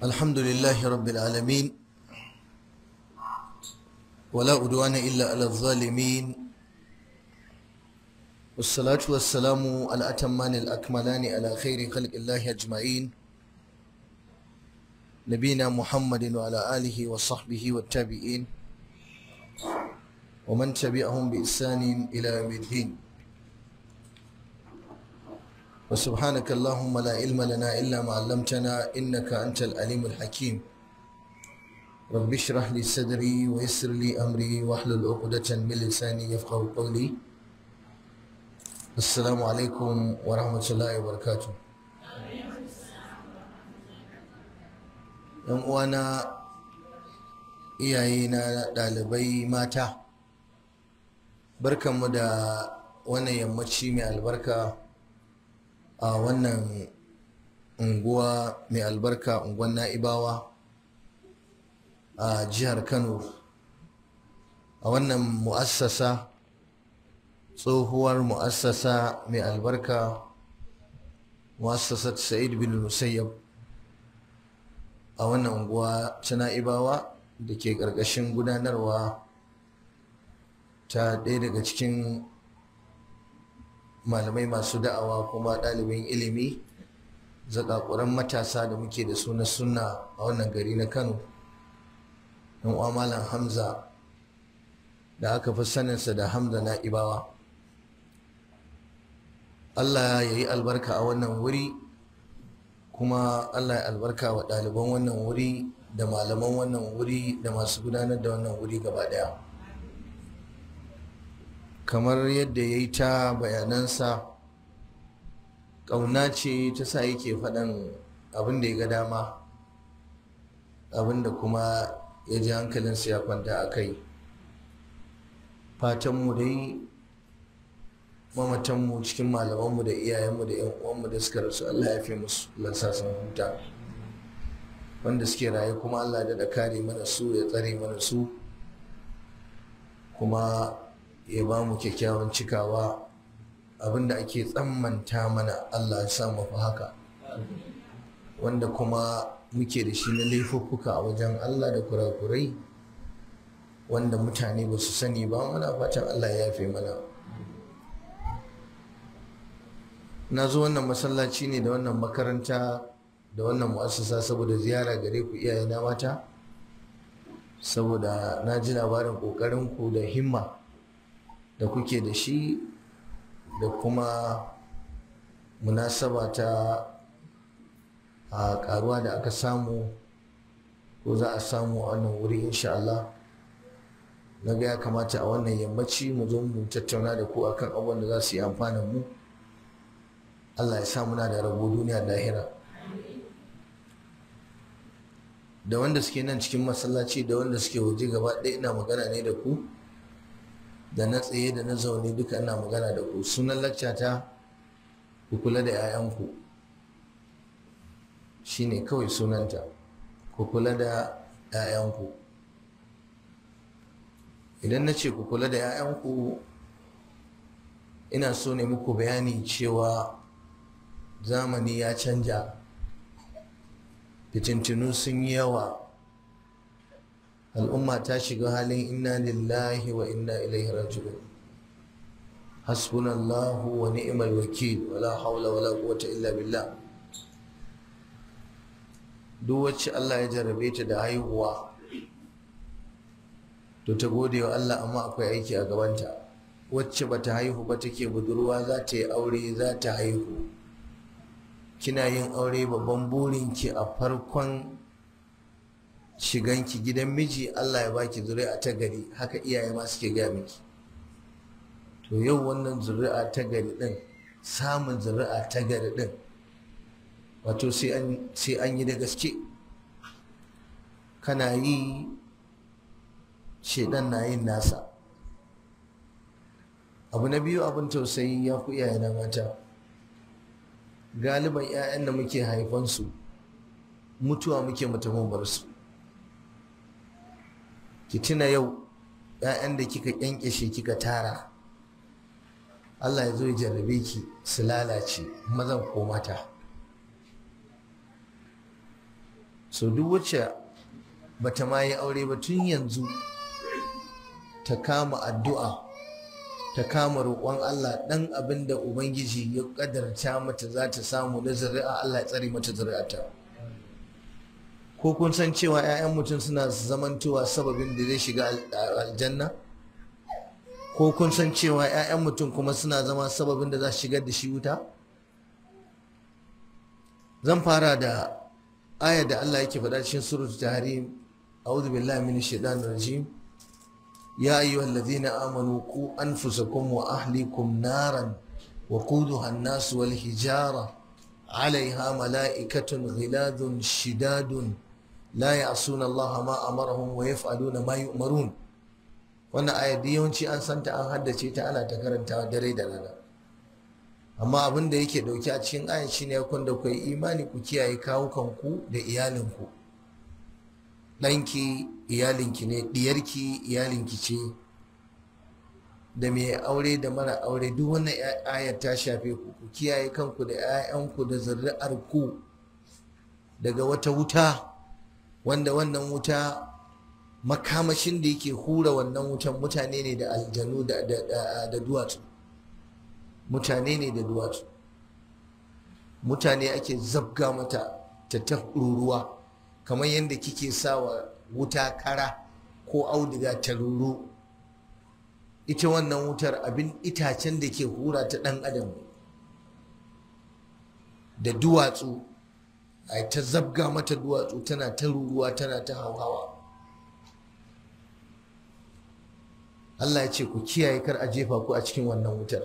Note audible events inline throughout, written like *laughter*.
الحمد لله رب العالمين ولا أدوان إلا على الظالمين والصلاة والسلام على أتمان الأكملان على خير خلق الله أجمعين نبينا محمد وعلى آله وصحبه والتابعين ومن تبعهم بإحسان إلى يوم الدين وسبحانك اللهم لا علم لنا إلا ما علمتنا إنك أنت العليم الحكيم رب اشرح لي صدري ويسر لي أمري واحلل عقدة من لساني يفقه قولي السلام عليكم ورحمة الله وبركاته yan uwana iyaye na ɗalibai mata barkanmu da wannan yammaci mai albarka a wannan unguwa mai albarka unguwan na'ibawa a jihar kano a wannan mu'assasa tsohuwar mu'assasa mai albarka mu'assasa sa'id bin musayyab a wannan unguwa ta na'ibawa da ke ƙarƙashin gudanarwa ta ɗaya daga cikin malamai masu da'awa kuma ɗalibin ilimi zakakuran matasa da muke da suna na sunna a wannan gari na kano don malam hamza da aka fi saninsa da hamza na ibawa allah ya yi albarka a wannan wuri kuma allah ya albarka wa ɗaliban wannan wuri da malaman wannan wuri da masu gudanar da wannan wuri gaba ɗaya. kamar yadda ya yi ta bayanansa ƙauna ce ta sa yake faɗan abin da ya ga dama abin da kuma ya ji hankalinsa ya kwanta a kai fatanmu dai mamatanmu cikin malamanmu da iyayenmu da yan uwanmu da suka rasu Allah ya fi musu lansa huta wanda suke raye kuma Allah da kare mana su ya tsare mana su kuma ya ba mu kyakkyawan cikawa abinda ake tsammanta mana Allah ya samu fa haka wanda kuma muke da shi na laifuffuka a wajen Allah da kurakurai wanda mutane ba su sani ba muna fatan Allah ya yafe mana na zo wannan masallaci ne da wannan makaranta da wannan mu'assasa saboda ziyara gare ku iyayena mata saboda na ji labarin ku da himma da kuke da shi da kuma munasaba ta a karuwa da aka samu ko za a samu a wannan wuri insha Allah na ga ya kamata a wannan yammaci mu zo mu tattauna da ku akan abubuwan da za su yi amfanin mu Allah ya sa muna da rabo duniya da lahira da wanda suke nan cikin masallaci da wanda suke waje gaba ɗaya ina magana ne da ku da na tsaye da na zaune duka ina magana da ku sunan ta ku kula da 'ya'yanku shine kawai sunanta ku kula da 'ya'yanku idan na ce ku kula da 'ya'yanku ina so ne muku bayani cewa zamani ya canja fitintinu sun yi yawa al'umma ta shiga halin inna lillahi wa inna ilaihi raji'un hasbunallahu wa ni'mal wakil wala haula wala quwwata illa billah duk wacce Allah ya jarabe ta da haihuwa to ta gode wa Allah amma akwai aiki a gabanta wacce bata haihu ba take budurwa za ta yi aure za ta haihu kina yin aure babban burinki a farkon Shigan ki gidan miji Allah ya baki zuri'a ta gari haka iyaye ma suke gaya miki to yau wannan zuri'a ta gari din samun zuri'a ta gari din wato sai an yi da gaske kana yi shedan na yin nasa abu na biyu abin tausayi ya ku iyaye na mata galiban 'ya'yan da muke haifansu mutuwa muke mutumin bar su ki tuna yau ‘ya'yan da kika ƙyanƙyashe kika tara Allah ya zo ya jarrabe ki su lalace mazan ko mata so duk wacce bata ma yi aure ba tun yanzu ta kama addu'a ta kama roƙon Allah ɗan abin da Ubangiji ya ƙadarta mata za ta samu na zuri'a Allah ya tsare mata zuri'ata. ta ko kun san cewa 'ya'yan mutum suna zamantowa sababin da zai shiga aljanna ko kun san cewa 'ya'yan mutum kuma suna zama sababin da za su shigar da shi wuta zan fara da aya da Allah yake faɗa cikin surat tahrim a'udhu billahi minash shaitanir rajim ya ayyuhalladhina amanu ku anfusakum wa ahlikum naran وقودها الناس والحجارة عليها ملائكة غلاظ Shidadun. la ya'suna Allah ma amarahum wa yaf'aluna ma yu'marun wannan ayar yawanci an santa an haddace ta ana ta karanta dare da rana amma abin da yake dauke a cikin ayan shine ne kun da kai imani ku kiyaye kawukanku da iyalinku ɗanki iyalinki ne ɗiyarki iyalinki ce da mai aure da mara aure duk wannan ayar ta shafe ku ku kiyaye kanku da 'ya'yanku da ku daga wata wuta wanda wannan wuta makamashin da yake hura wannan wutan mutane ne da aljanu da duwatsu mutane ne da duwatsu mutane ake zabga mata ta ta ruruwa kamar yadda kike wa wuta kara ko auduga ta ruru ita wannan wutar abin itacen da ke hura ta ɗan adam da duwatsu a ta zabga mata duwatsu tana ta ruruwa tana ta hauhawa Allah ya ce ku kiyaye kar a jefa ku a cikin wannan wutar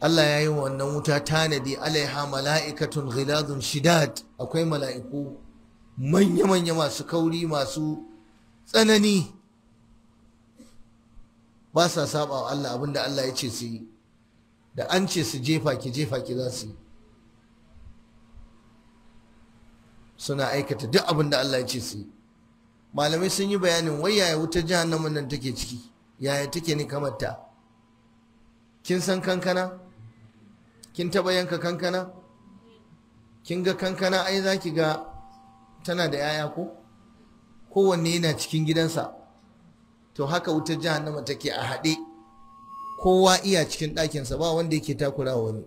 Allah ya yi wannan wuta tanadi alaiha mala'ikatun ghiladun shidad akwai mala'iku manya-manya masu kauri masu tsanani ba sa saba wa Allah abinda Allah ya ce su yi da an ce su jefa ki jefa ki za su yi suna aikata duk abin da Allah ya ce su yi malamai sun yi bayanin wai yaya wutar jahannamin nan take ciki yaya take ni kamar ta kin san kankana kin taba yanka kankana kin ga kankana ai za ga tana da yaya ko kowanne yana cikin gidansa to haka wuta wutar jahannama take a haɗe kowa iya cikin ɗakinsa ba wanda yake takura wani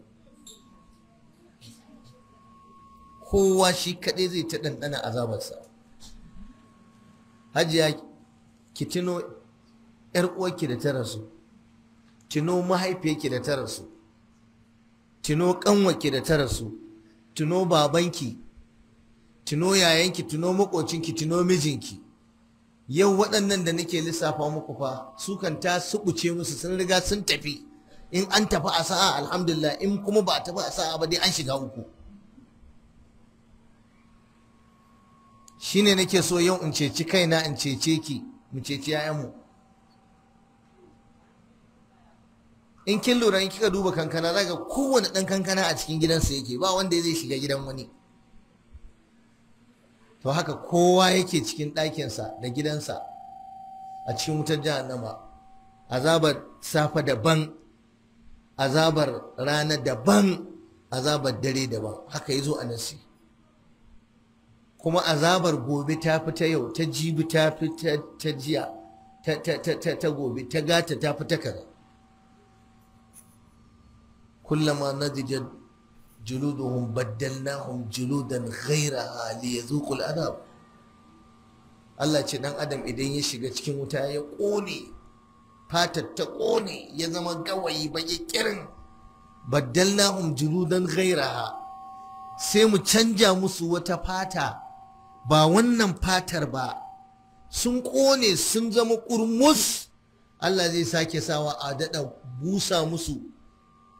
kowa shi kaɗai zai ta ɗanɗana azabarsa hajiya ki tuno ƴar uwarki da ta rasu tuno mahaifiyarki da ta rasu tuno ƙanwarki da ta rasu tuno babanki tuno yayanki tuno makocinki tuno mijinki yau waɗannan da nake lissafa muku fa su kan ta suɓuce musu sun riga sun tafi in an tafi a sa'a alhamdulillah in kuma ba a tafi a sa'a ba dai an shiga uku Shi shine nake so yau in ceci kaina in cece ki mu ceci yayanmu in kin lura in kika duba kankana zaka kowane ɗan kankana a cikin gidansa yake ba wanda zai shiga gidan wani to haka kowa yake cikin ɗakinsa da gidansa a cikin wutar jahannama azabar safa daban azabar rana daban azabar dare daban haka ya zo a nasi kuma azabar gobe ta fi ta yau ta jibi ta fi ta jiya ta gobe ta gata ta fi ta kaza kullama nadijat juluduhum baddalnahum juludan ghairaha liyazuqul adab Allah ce dan adam idan ya shiga cikin wuta ya ƙone fatar ta ƙone ya zama gawayi baki kirin baddalnahum juludan ghairaha sai mu canja musu wata fata ba wannan fatar ba sun ƙone sun zama ƙurmus Allah zai sake sawa a daɗa busa musu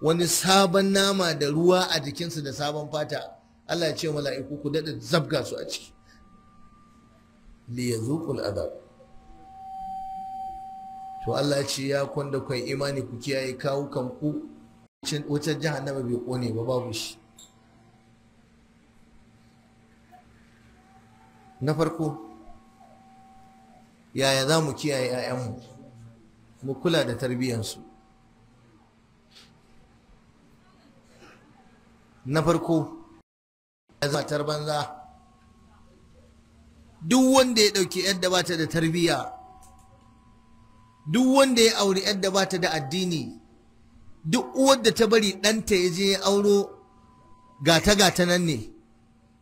wani sabon nama da ruwa a jikinsu da sabon fata Allah ya ce mala'iku ku daɗa zabga su a ciki liyazuqul adab to Allah ce ya kwanda kai imani ku kiyaye kawukan ku? wacce jahannama bai kone ba babu shi na farko yaya za mu kiyaye 'ya'yanmu mu kula da tarbiyyansu na farko ya zama banza? duk wanda ya ɗauki yadda ba ta da tarbiyya duk wanda ya auri yadda ba ta da addini duk wadda ta bari ɗanta ya je ya auro gata-gata nan ne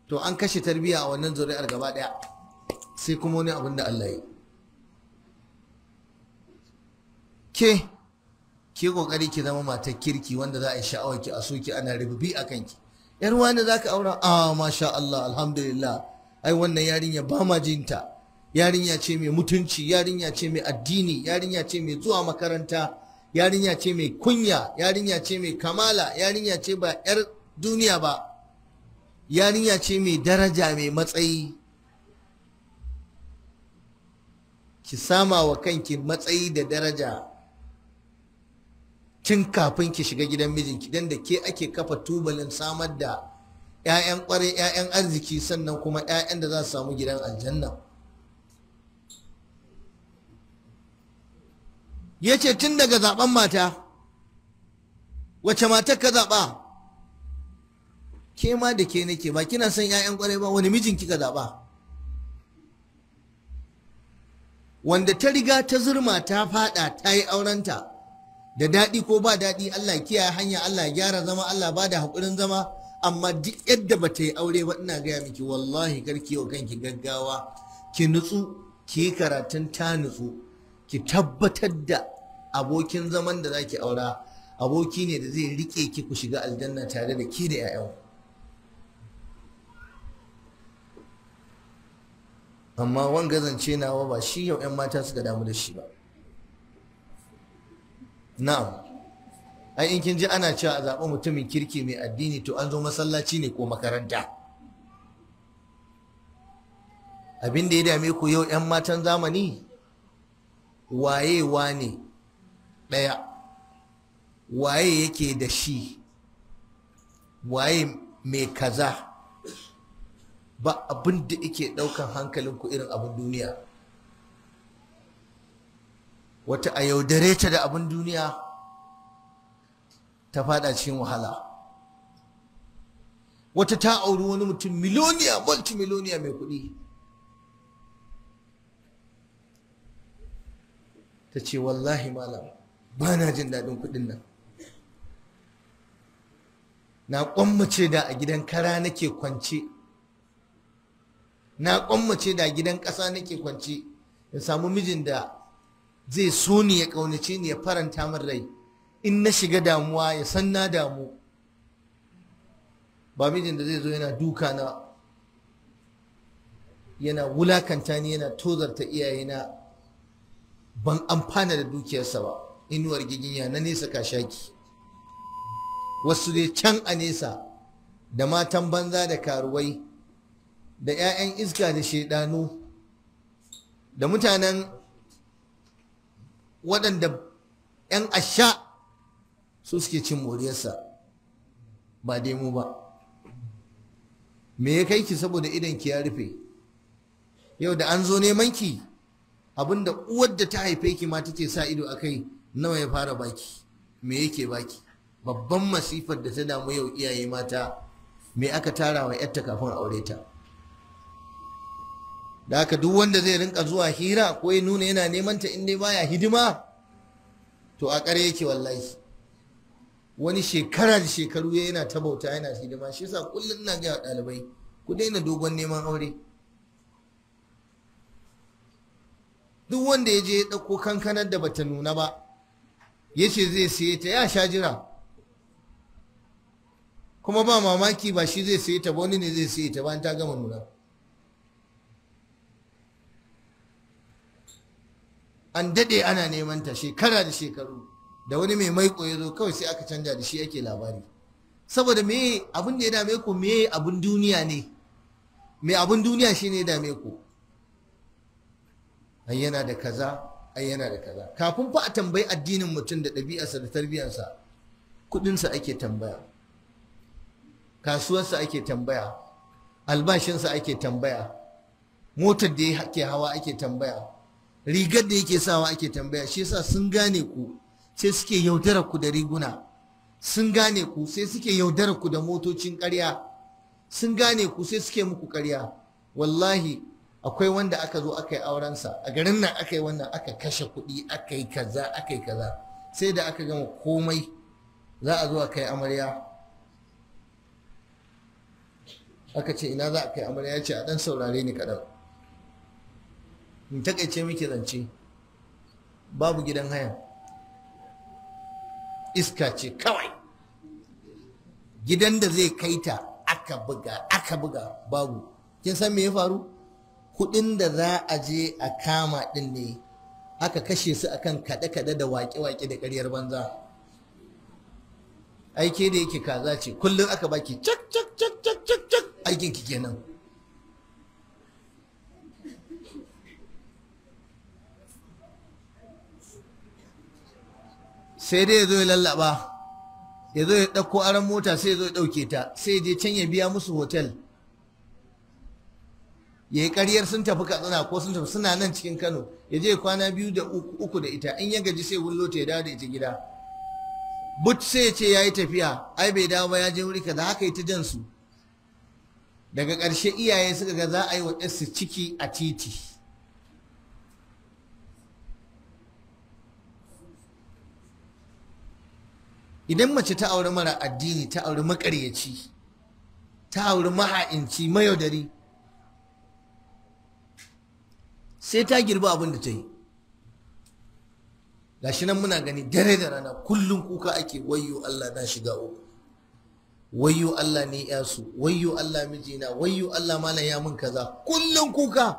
to an kashe tarbiyya a wannan zuri'ar gaba daya sai kuma wani abin da Allah yi ke ke kokari ki zama matar kirki wanda za a yi sha'awar ki a so ki ana rububi a kanki yar wani za ka aura a masha Allah alhamdulillah ai wannan yarinya ba ma jinta yarinya ce mai mutunci yarinya ce mai addini yarinya ce mai zuwa makaranta yarinya ce mai kunya yarinya ce mai kamala yarinya ce ba yar duniya ba yarinya ce mai daraja mai matsayi ki sama wa kanki matsayi da daraja tun kafin ki shiga gidan mijinki don da ke ake kafa tubalin samar da 'ya'yan kwarai 'ya'yan arziki sannan kuma 'ya'yan da za su samu gidan aljanna ya ce tun daga zaben mata wace mata ka zaɓa ke ma da ke nake ba kina son 'ya'yan kwarai ba wani mijin kika zaɓa wanda ta riga ta zurma ta faɗa ta yi aurenta da daɗi ko ba daɗi Allah kiyaye hanya Allah gyara zama Allah ba da haƙurin zama amma duk yadda ba ta yi aure ba ina gaya miki wallahi karki wa kanki gaggawa ki nutsu ki karatun ta nutsu ki tabbatar da abokin zaman da zaki aura aboki ne da zai rike ki ku shiga aljanna tare da ke da 'ya'yanku amma wanga zance nawa ba shi yau 'yan mata suka damu da shi ba na'am ai in kin ji ana cewa a zaɓi mutumin kirki mai addini to an zo masallaci ne ko makaranta abin da ya dame ku yau 'yan matan zamani wayewa ne ɗaya waye yake da shi waye mai kaza ba abin da ɗaukan hankalinku irin abin duniya wata a yaudare ta da abin duniya ta fada cikin wahala wata ta auri wani mutum miloniya miloniya mai kuɗi ta ce wallahi malam ba na jin daɗin kuɗin nan na ƙwammace da a gidan kara nake kwance na kwammace da gidan ƙasa nake kwance in samu mijin da zai so ni ya ƙaunace ni ya faranta min rai in na shiga damuwa ya san na damu ba mijin da zai zo yana duka na yana wulakanta ni yana tozarta iyayena ban amfana da dukiyarsa ba inuwar giginya na nesa ka kashaki wasu dai can a nesa da matan banza da karuwai da 'ya'yan iska da shaidanu da mutanen waɗanda 'yan asha su suke cin moriyarsa ba dai ba me ya kai ki saboda idan ki ya rufe yau da an zo neman ki abinda uwar da ta haife ki ma take sa ido akai nawa ya fara baki me yake baki babban masifar da ta damu yau iyaye mata me aka tara wa yarta kafin aure ta da haka duk wanda zai rinka zuwa hira ko ya nuna yana neman ta in baya hidima to a kare yake wallahi wani shekara da shekaru ya yana ta bauta yana hidima shi yasa kullum ina ga ɗalibai ku daina dogon neman aure duk wanda ya je ya ɗauko kankanar da bata nuna ba ya ce zai saye ta ya sha jira kuma ba mamaki ba shi zai saye ta ba wani ne zai saye ta bayan ta gama nuna an daɗe ana neman ta shekara da shekaru da wani mai maiko ya zo kawai sai aka canja da shi ake labari saboda me abin da ya dame ku me abin duniya ne me abin duniya shi ne dame ku yana da kaza da kaza kafin fa a tambayi addinin mutum da ɗabi'arsa da tarbiyarsa kuɗinsa ake tambaya kasuwarsa ake tambaya albashinsa ake tambaya motar da ke hawa ake tambaya rigar da yake sawa ake tambaya shi yasa sun gane ku sai suke yaudara ku da riguna sun gane ku sai suke yaudara ku da motocin ƙarya sun gane ku sai suke muku ƙarya wallahi akwai wanda aka zo aka yi aurensa a garin nan aka yi wannan aka kashe kuɗi aka yi kaza aka yi kaza sai da aka gama komai za a zo a kai amarya aka ce ina za a kai amarya ya ce a ɗan saurare ni kaɗan in takaice miki zance babu gidan haya iska ce kawai gidan da zai kai ta aka buga aka buga babu kin san me ya faru kudin da za a je a kama din ne aka kashe su akan kaɗe-kaɗe da waƙe-waƙe da ƙaryar banza aike da yake kaza ce kullum aka baki cak cak cak cak cak aikin ki kenan sai dai ya zo ya lallaba ya zo ya ɗauko aron mota sai ya zo ya ɗauke ta sai je can ya biya musu hotel ya yi ƙaryar sun tafi katsina ko sun tafi suna nan cikin kano ya je kwana biyu da uku da ita in ya gaji sai wullo ta ya dawo da ita gida but sai ya ce ya yi tafiya ai bai dawo ba ya je wuri kaza haka yi ta jan su daga ƙarshe iyaye suka ga za a yi wa ciki a titi idan mace ta auri mara addini ta auri makaryaci ta auri maha'inci mayaudari sai ta girba abin da ta yi gashi nan muna gani dare da rana kullum kuka ake wayyo Allah na shiga uku wayyo Allah ne yasu wayyo Allah mijina wayyo Allah malam ya mun kaza kullum kuka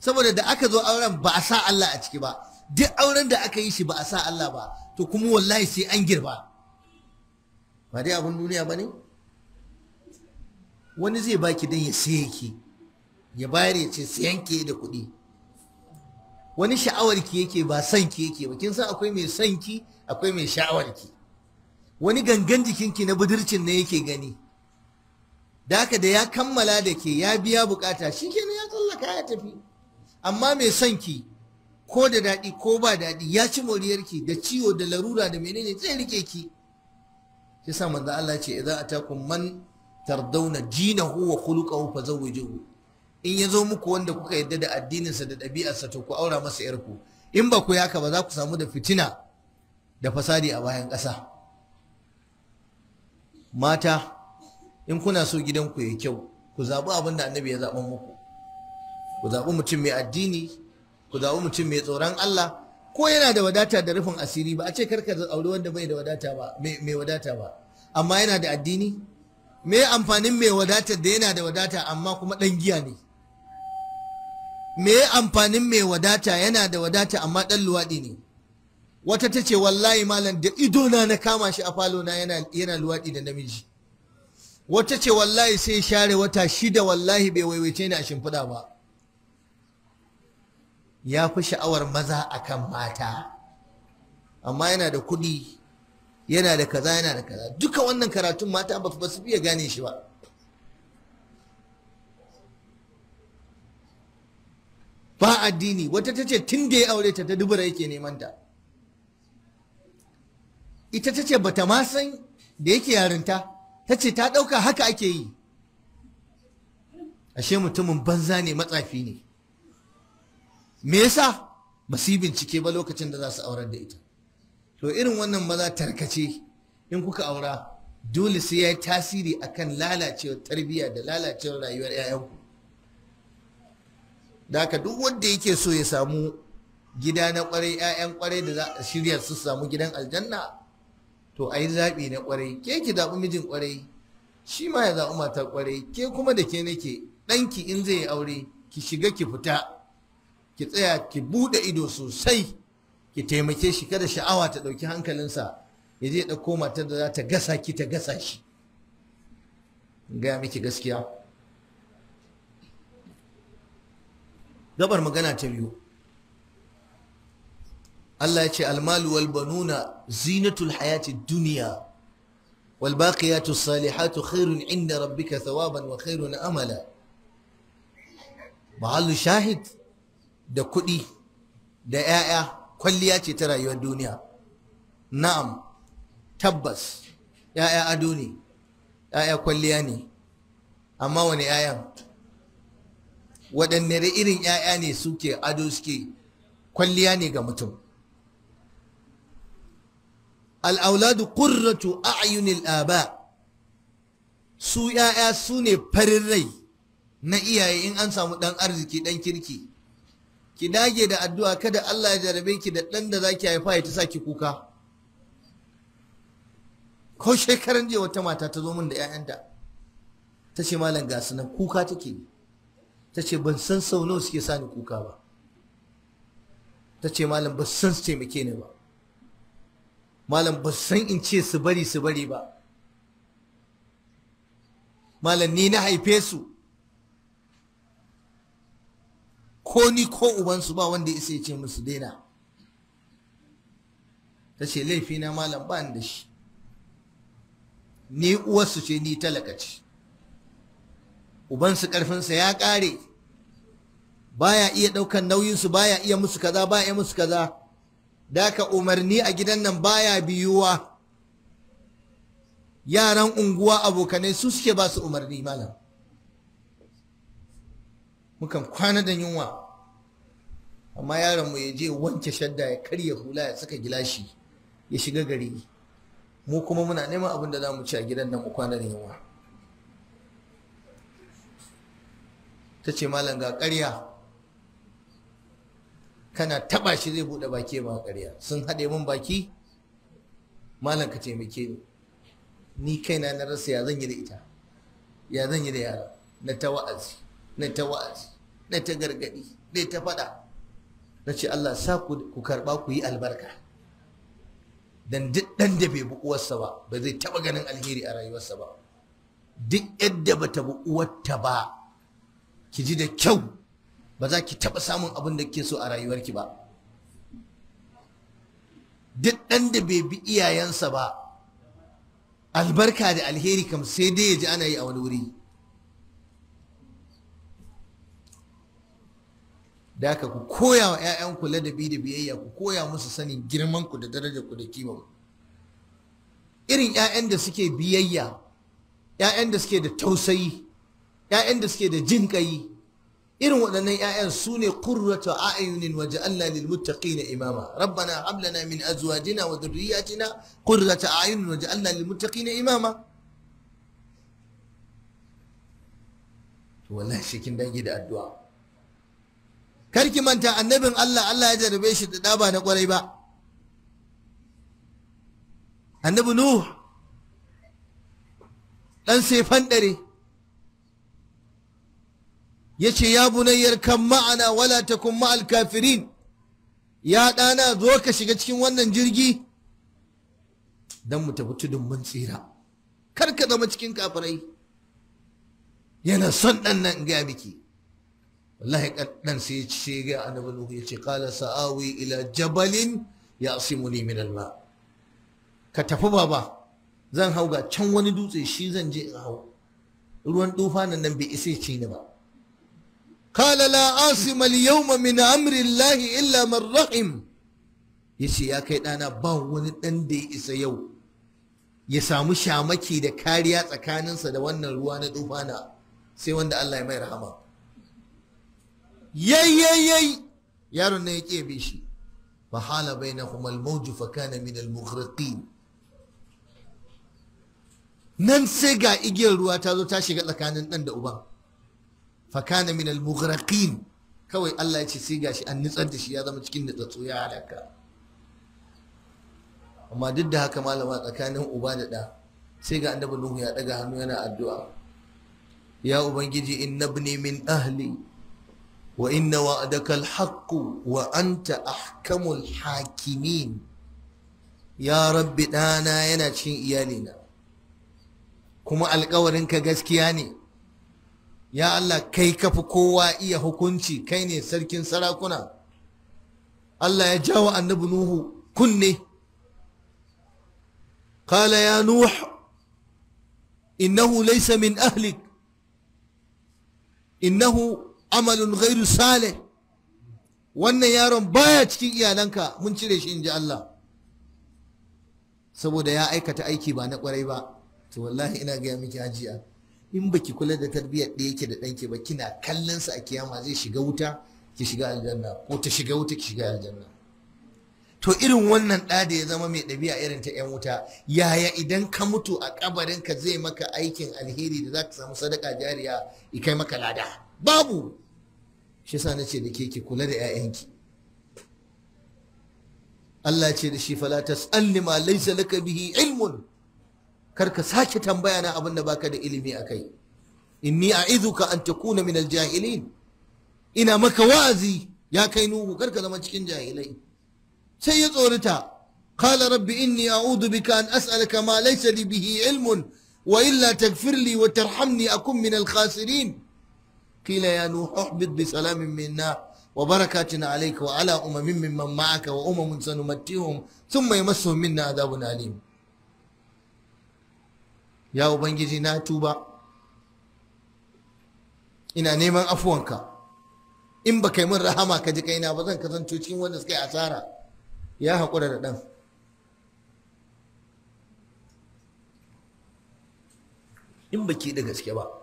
saboda da aka zo auren ba a sa Allah a ciki ba duk auren da aka yi shi ba a sa Allah ba to kuma wallahi sai an girba ba dai abin duniya ba ne wani zai baki dan ya sai yake ya bayar ya ce sayan ke da kuɗi wani sha'awar ki yake ba son ki yake ba kin san akwai mai son ki akwai mai sha'awar ki wani gangan jikin ki na budurcin ne yake gani da haka da ya kammala da ke ya biya bukata shi ya tsallaka ya tafi amma mai son ki ko da daɗi ko ba daɗi ya ci moriyarki da ciwo da larura da menene zai rike ki ya sa manzo Allah ce idza atakum man tardauna dinahu wa khuluquhu fazawwijuhu in ya zo muku wanda kuka yadda da addininsa da ɗabi'arsa to ku aura masa yarku in ba ku yaka ba za ku samu da fitina da fasadi a bayan ƙasa mata in kuna so gidanku ya kyau ku zaɓi abin da annabi ya zaɓa muku ku zaɓi mutum mai addini ku zaɓi mutum mai tsoron Allah ko yana da wadata da rufin asiri ba a ce karka aure wanda bai da wadata ba mai wadata ba amma yana da addini me amfanin mai wadata da yana da wadata amma kuma ɗan giya ne me amfanin mai wadata yana da wadata amma ɗan luwaɗi ne wata ta ce wallahi malam da idona na kama shi a falo na yana luwaɗi da namiji wata ce wallahi sai share wata shida wallahi bai waiwaice ni a shimfiɗa ba ya fi sha'awar maza akan mata amma yana da kuɗi yana da kaza yana da kaza duka wannan karatun mata ba su biya gane shi ba ba addini wata ta ce tun da ya aure ta ta dubura yake neman ta ita ta ce ba ma san da yake yarinta ta ce ta ɗauka haka ake yi ashe mutumin banza ne matsafi ne me yasa ba su yi bincike ba lokacin da za su aurar da ita to irin wannan maza tarkace in kuka aura dole sai ya yi tasiri akan lalacewar tarbiyya da lalacewar rayuwar 'ya'yanku da haka duk wanda yake so ya samu gida na kwarai 'ya'yan kwarai da za a shirya su samu gidan aljanna to a yi zaɓi na kwarai ke ki zaɓi mijin kwarai shi ma ya zaɓi matar kwarai ke kuma da ke nake ɗanki in zai yi aure ki shiga ki fita ki tsaya ki buɗe ido sosai ki taimake shi kada sha'awa ta ɗauki hankalinsa ya je ɗauko matar da za ta gasa ki ta gasa shi gaya miki gaskiya gabar magana ta biyu Allah ya ce almalu wal banuna zinatul hayati duniya wal baqiyatu salihatu khairun inda rabbika thawaban wa khairun amala mahallu shahid da kuɗi da 'ya'ya kwalliya ce ta rayuwar duniya na'am tabbas 'ya'ya ado ne 'ya'ya kwalliya ne amma wani 'ya'yan waɗanne irin 'ya'ya ne suke ado suke kwalliya ne ga mutum al'auladu ƙurratu a'yunil aba su ‘ya'ya su ne farin rai na iyaye in an samu ɗan arziki ɗan kirki ki dage da addu'a kada Allah ya jarabe ki da ɗan da zaki haifa ya ta sa ki kuka ko shekaran jiya wata mata ta zo min da 'ya'yanta ta ce malam ga su nan kuka take ta ce ban san sau nawa suke sani kuka ba ta ce malam ba san su taimake ni ba malam ba san in ce su bari su bari ba malam ni na haife su ko ni ko ubansu ba wanda isa ya ce musu daina ta ce laifi na malam ba da shi ni uwarsu ce ni talaka ce ubansu karfinsa ya kare baya iya daukan nauyinsu baya iya musu kaza baya iya musu kaza daka umarni a gidan nan baya biyuwa yaran unguwa abokanai su suke ba su umarni malam mukan kwana da yunwa amma yaron mu ya je wanke shadda ya karya hula ya saka gilashi ya shiga gari mu kuma muna neman abin da za mu ci a gidan nan mu kwana da yunwa ta ce malam ga karya kana taɓa shi zai buɗe baki ba karya sun haɗe min baki malam ka taimake ni ni kaina na rasa ya zan yi da ita ya zan yi da yara na ta wa'azi na ta wa'azi na ta gargadi na ta faɗa na ce Allah sa ku karɓa ku yi albarka dan duk ɗan da bai bi uwarsa ba ba zai taɓa ganin alheri a rayuwarsa ba duk yadda ba ta bi uwarta ba ki ji da kyau ba za ki taɓa samun abin da ke so a rayuwarki ba duk ɗan da bai bi iyayensa ba albarka da alheri kam sai dai ya ji ana yi a wani wuri da ka ku koya wa 'ya'yanku ladabi da biyayya ku koya musu sanin girman ku da darajar ku da kiman irin 'ya'yan da suke biyayya 'ya'yan da suke da tausayi 'ya'yan da suke da jin kai irin waɗannan 'ya'yan su ne qurratu waje Allah ne lil muttaqina imama rabbana hab lana min azwajina wa dhurriyyatina qurrata a'yunin Allah ne lil muttaqina imama to wallahi shi kin dangi da addu'a karki manta annabin Allah Allah ya jarabe shi da ba na kwarai ba annabi nuh dan sai fandare ya ce ya bunayyar kan ma'ana wala takun ma'al kafirin ya ɗana zo ka shiga cikin wannan jirgi don mu tafi tudun mun tsira kar ka zama cikin kafirai yana son ɗan nan gaya miki wallahi dan sai sai ga annabi nuhu yace qala sa'awi ila jabalin ya'simuni min alma ka tafi baba zan hau ga can wani dutse shi zan je in hau ruwan dufanan nan bai isa ce ni ba qala la asima al-yawma min amri allahi illa man rahim yace ya kai dana ba wani dan da ya isa yau ya samu shamaki da kariya tsakaninsa da wannan ruwa na dufana sai wanda Allah ya mai rahama yayi yaron na ya kebe shi Ba hala bai na mawj fa fakana min al nan sai ga igiyar ruwa ta zo ta shiga tsakanin dan da uban fa min al kawai Allah ya ce sai gashi an nitsar da shi ya zama cikin nutsatsu ya halaka amma duk da haka malama tsakanin uba da ɗa sai ga annabi nuhu ya daga hannu yana addu'a ya ubangiji innabni min ahli وإن وعدك الحق وأنت أحكم الحاكمين يا رب دانا ينا شيء يالينا كما القورن كغسكياني يا الله كي كفكوا إيا حكونتي كيني سركين سراكونا الله يجاو أن نبنوه كني قال يا نوح إنه ليس من أهلك إنه amalun gairu sale wannan yaron baya cikin iyalanka mun cire shi in ji Allah saboda ya aikata aiki ba na kwarai ba to wallahi ina gaya miki hajiya in baki kula da tarbiyyar da yake da ɗanki ba kina kallon sa a kiyama zai shiga wuta ki shiga aljanna ko ta shiga wuta ki shiga aljanna to irin wannan ɗa da ya zama mai ɗabi'a irin ta 'yan wuta yaya idan ka mutu a kabarin ka zai maka aikin alheri da za samu sadaka jariya i kai maka lada babu shi sa na ce da ke ki kula da 'ya'yanki Allah ce da shi fala tas'alni ma laysa laka bihi ilmun kar ka sake tambaya na abin da baka da ilimi akai inni izuka an takuna min al ina maka wa'azi ya kai nuhu kar ka zama cikin jahilai sai ya tsorita قال رب إني أعوذ بك أن أسألك ما bihi لي به tagfirli wa تغفر لي a kun من khasirin قيل يا نوح اهبط بسلام منا وبركات عليك وعلى أمم ممن معك وأمم سنمتعهم ثم يمسهم منا عذاب أليم ya ubangiji na tuba ina neman afuwanka in ba kai min rahama ka ji kaina ba zan kasance cikin wanda suka yi asara ya haƙura da ɗan in ba ki da gaske ba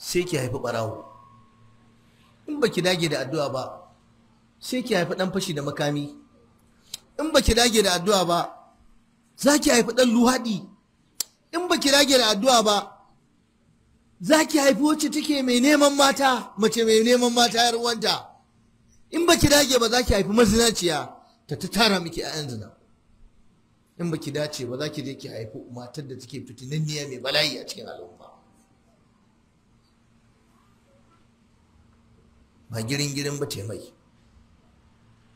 sai ki haifi barawo in baki dage da addu'a ba sai ki haifi dan fashi da makami in baki dage da addu'a ba za ki haifi dan luhadi in baki dage da addu'a ba za ki haifi wacce take mai neman mata mace mai neman mata yar uwanta in baki dage ba za ki haifi mazinaciya ta ta tara miki yanzu zina in baki dace ba za ki je ki haifi matar da take fitinanniya mai bala'i a cikin al'umma ba girin girin ba ce mai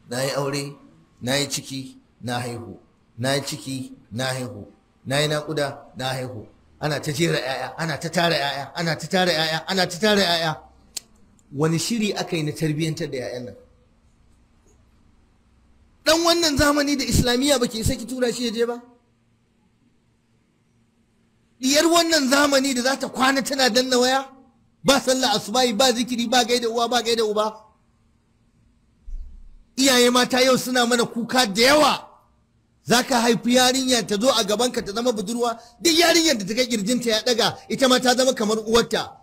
na yi aure na yi ciki na haihu na yi ciki na haihu na yi naƙuda na haihu ana ta jera 'ya'ya ana ta tara 'ya'ya ana ta tara 'ya'ya ana ta tara 'ya'ya wani shiri aka yi na tarbiyyantar da 'ya'yan nan dan wannan zamani da islamiyya ba ke ki tura shi ya je ba diyar wannan zamani da za ta kwana tana danna waya ba sallah asubahi ba zikiri ba gaida uwa ba gaida uba iyaye mata yau suna mana kuka da yawa za ka haifi yarinya ta zo a gabanka ta zama budurwa duk yarinyar da ta kai kirjinta ya daga ita ma ta zama kamar uwarta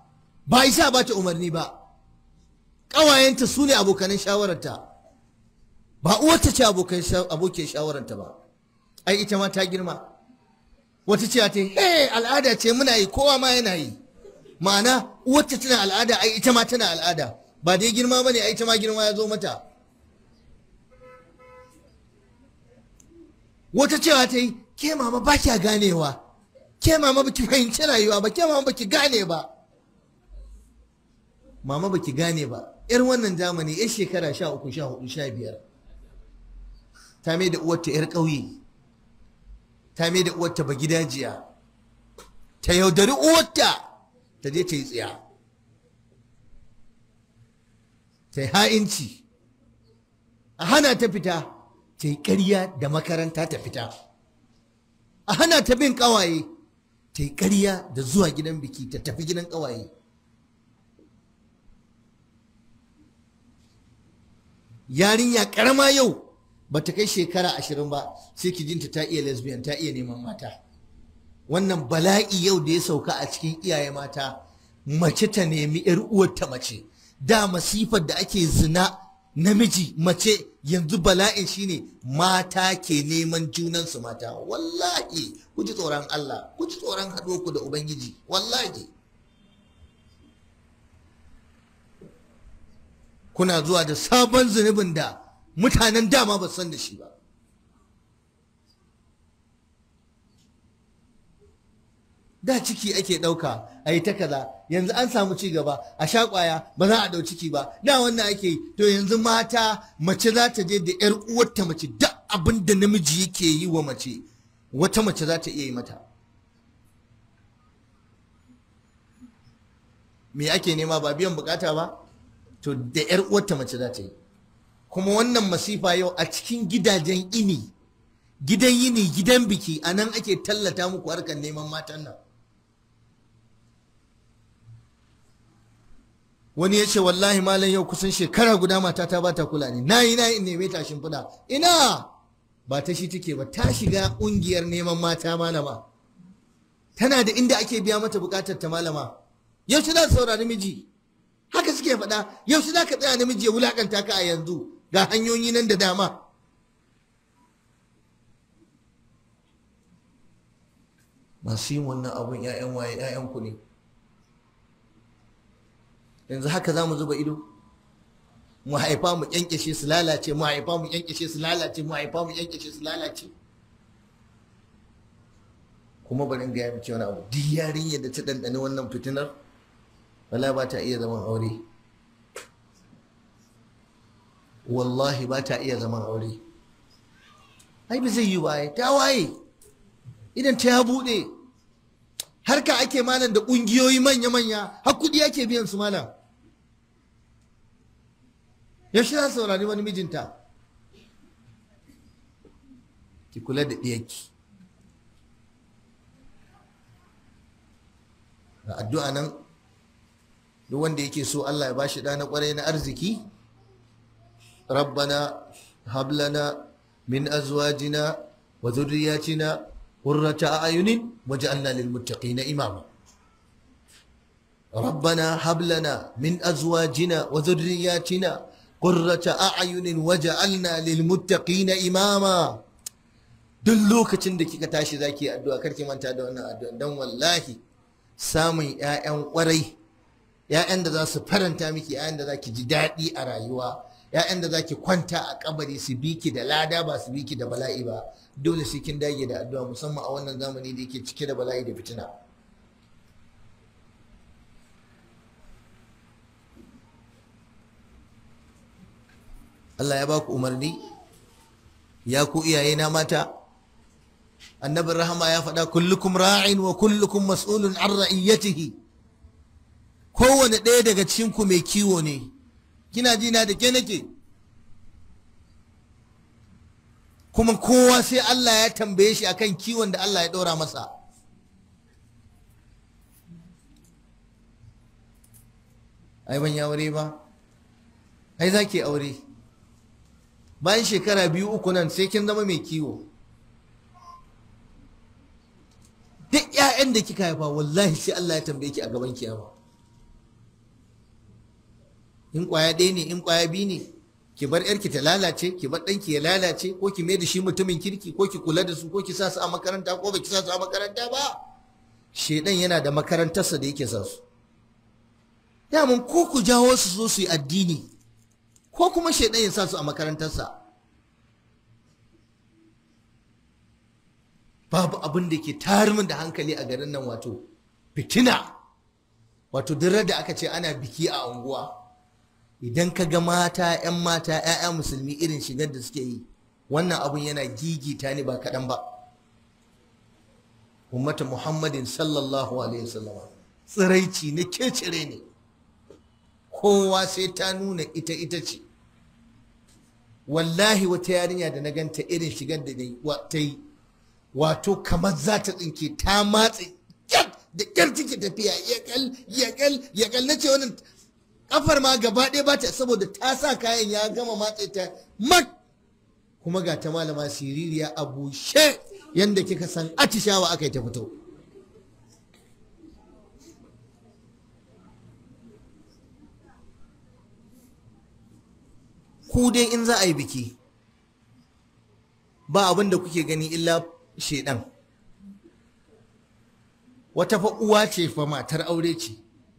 ba isa ba ta umarni ba ƙawayenta su ne abokanin shawararta ba uwarta ce abokin shawararta ba ai ita ma ta girma wata ce ta yi, he eh, al'ada ce muna yi kowa ma yana yi ma'ana uwarta tana al'ada ai ita ma tana al'ada ba dai girma bane ai ita ma girma ya zo mata wata cewa ta yi ke mama ba kya ganewa ke mama baki fahimci rayuwa ba ke mama baki gane ba mama baki gane ba yar wannan zamani yar shekara sha uku sha hudu sha biyar ta mai da uwarta yar ƙauye ta mai da uwarta ba gidajiya ta yaudari uwarta ta je ta yi tsiya ta yi ha'inci a hana ta fita ta yi ƙarya da makaranta ta fita a hana ta bin ƙawaye ta yi ƙarya da zuwa gidan biki ta tafi gidan ƙawaye yarinya ƙarama yau ba ta kai shekara ashirin ba sai ki ta iya lesbian ta iya neman mata wannan bala'i yau da ya sauka a cikin iyaye mata mace ta nemi yar uwarta mace da masifar da ake zina namiji mace yanzu bala'in shine mata ke neman junansu mata wallahi ku ji tsoron Allah ku ji tsoron haɗo ku da ubangiji wallahi kuna zuwa da sabon zunubin da mutanen dama ba san da shi ba da ciki ake ɗauka a yi ta kaza yanzu an samu ci gaba a sha kwaya ba za a ɗau ciki ba da wannan ake yi to yanzu mata mace za ta je da yar uwarta mace duk abin da namiji yake yi wa mace wata mace za ta iya yi mata me ake nema ba biyan bukata ba to da yar uwarta mace za ta yi kuma wannan masifa yau a cikin gidajen ini gidan yini gidan biki a nan ake tallata muku harkar neman matan nan wani ya ce wallahi malam yau kusan shekara guda matata ba ta kula ne, na yi na yi neme ta shimfiɗa ina ba ta shi take ba ta shiga ƙungiyar neman mata malama tana da inda ake biya mata buƙatar ta malama yau shi za ta saurari miji haka suke faɗa yau shi za ka tsaya namiji ya wulaƙanta ka a yanzu ga hanyoyi nan da dama masu yin wannan abun 'ya'yan waye 'ya'yan ku ne yanzu haka za mu zuba ido mu haifa mu kyankyashe su lalace mu haifa mu kyankyashe su lalace mu haifa mu kyankyashe su lalace kuma bari ga gaya wani abu duk yarinyar da ta dandane wannan fitinar wala ba ta iya zaman aure wallahi ba ta iya zaman aure ai bi zai yi waye ta waye idan ta ya buɗe harka ake malam da ƙungiyoyi manya-manya har kuɗi ake biyan su malam yaushe za saurari wani mijinta ki kula da ɗiyarki a addu'a nan duk wanda yake so Allah ya bashi ɗa na ƙwarai na arziki rabbana hablana min azwajina wa zurriyatina qurrata a'yunin waj'alna lil muttaqina imama rabbana hablana min azwajina wa zurriyatina qurrata a'yunin waja'alna lil na imama duk lokacin da kika tashi zaki addu'a karki manta da wannan addu'a dan wallahi samun 'ya'yan kwarai 'ya'yan da za su faranta miki 'ya'yan da ki ji daɗi a rayuwa 'ya'yan da zaki kwanta a kabari su biki da lada ba su biki da bala'i ba dole sai kin dage da addu'a musamman a wannan zamani da yake cike da bala'i da fitina Allah ya baku umarni ya ku iyaye na mata annabin rahama ya faɗa kullukum ra'in wa kullukum mas'ulun an ra'iyatihi kowane ɗaya daga cikin ku mai kiwo ne kina ji na da ke nake kuma kowa sai Allah ya tambaye shi akan kiwon da Allah ya ɗora masa ai ban aure ba ai za ki aure bayan shekara biyu uku nan sai kin zama mai kiwo duk 'ya'yan da kika haifa wallahi shi Allah ya tambaye ki a gaban kiyama in kwaya ɗaya ne in kwaya biyu ne ki bar yarki ta lalace ki bar ɗanki ya lalace ko ki mai da shi mutumin kirki ko ki kula da su ko ki sa su a makaranta ko ba ki sa su a makaranta ba shedan yana da makarantarsa da yake sa su daman ko ku jawo su zo su yi addini ko kuma shaidan ya sa su a makarantarsa babu abin da ke tarmin da hankali a garin nan wato fitina wato dirar da aka ce ana biki a unguwa idan ka ga mata 'yan mata 'ya'ya musulmi irin shigar da suke yi wannan abun yana gigita ne ba kaɗan ba ummata muhammadin sallallahu alaihi wasallama tsiraici na kecire ne kowa sai ta nuna ita ita ce wallahi wata yarinya da na ganta irin shigar da ta yi wato kamar za ta tsinke ta matse da ƙyar cikin tafiya yakal yakal na ce wannan kafar ma gaba ɗaya ba ta saboda ta sa kayan ya gama matse ta mak kuma ga ta malama siririya a bushe yadda kika san atishawa aka yi ta fito ku dai in za a yi biki ba abin da kuke gani illa shedan wata fa uwa ce fa matar aure ce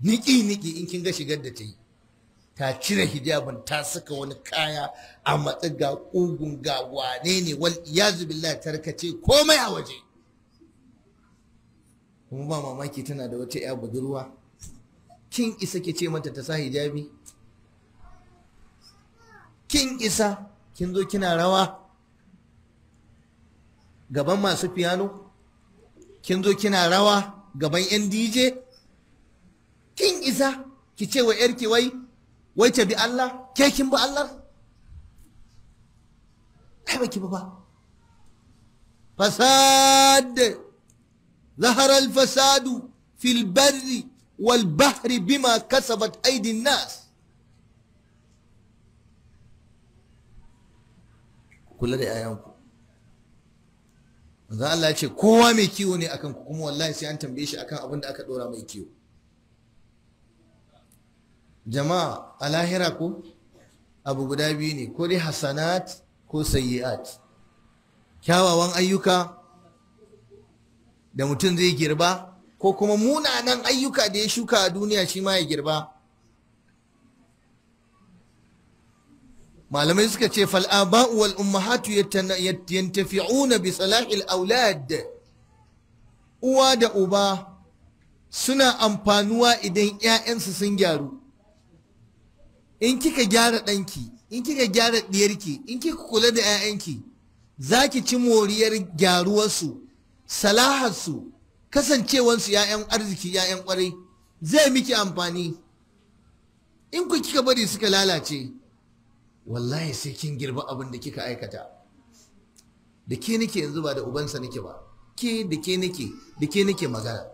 niki niki in kin ga shigar da ta yi ta cire hijabin ta saka wani kaya a matsi ga kugun ga wane ne wal iyazu billahi tarkace komai a waje kuma ba mamaki tana da wata ya budurwa kin isa ke ce mata ta sa hijabi kin isa kin zo kina rawa gaban masu piano kin zo kina rawa gaban 'yan dj kin isa ki ce wa 'yarki wai wai ta bi Allah ke kin bi Allah ai baki ba ba fasad zahara al-fasadu fil barri wal bahri bima kasabat aidin nas kula da 'ya'yanku manzo Allah ya ce kowa mai kiwo ne akan ku kuma wallahi sai an tambaye shi akan abin da aka dora mai kiwo jama'a a lahira ko abu guda biyu ne ko dai hasanat ko sayyi'at kyawawan ayyuka da mutum zai girba ko kuma munanan ayyuka da ya shuka a duniya shi ma ya girba malamai suka ce fal aba'u wal ummahatu yantafi'una bi salahil aulad uwa da uba suna amfanuwa idan 'ya'yansu sun gyaru in kika gyara ɗanki in kika gyara ɗiyarki in kika kula da 'ya'yanki za ki ci moriyar gyaruwarsu salaharsu kasancewarsu 'ya'yan arziki 'ya'yan kwarai, zai miki amfani in ku kika bari suka lalace wallahi sai kin girba abin da kika aikata da ke nake yanzu ba da ubansa nake ba ke da ke nake da ke nake magana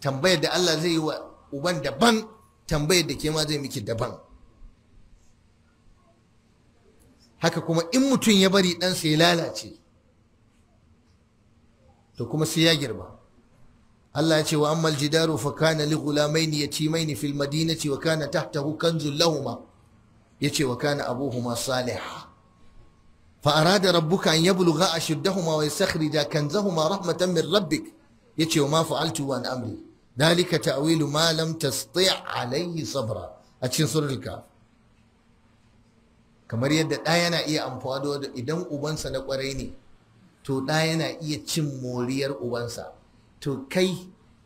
tambayar da Allah zai yi wa uban daban tambayar da ke ma zai miki daban haka kuma in mutum ya bari ɗansa ya lalace to kuma sai ya girba Allah ya ce wa ammal jidaru fa kana li ghulamaini yatimaini fil madinati wa kana tahtahu kanzun lahuma yace wa kana abuhuma salih fa arada rabbuka an yablugha ashuddahuma wa yastakhrija kanzahuma rahmatan min rabbik yace wa ma fa'altu wa amri dalika ta'wilu ma lam tasti' alayhi sabra a cikin suratul kamar yadda ɗa yana iya amfani da idan ubansa na kwarai ne to ɗa yana iya cin moriyar ubansa to kai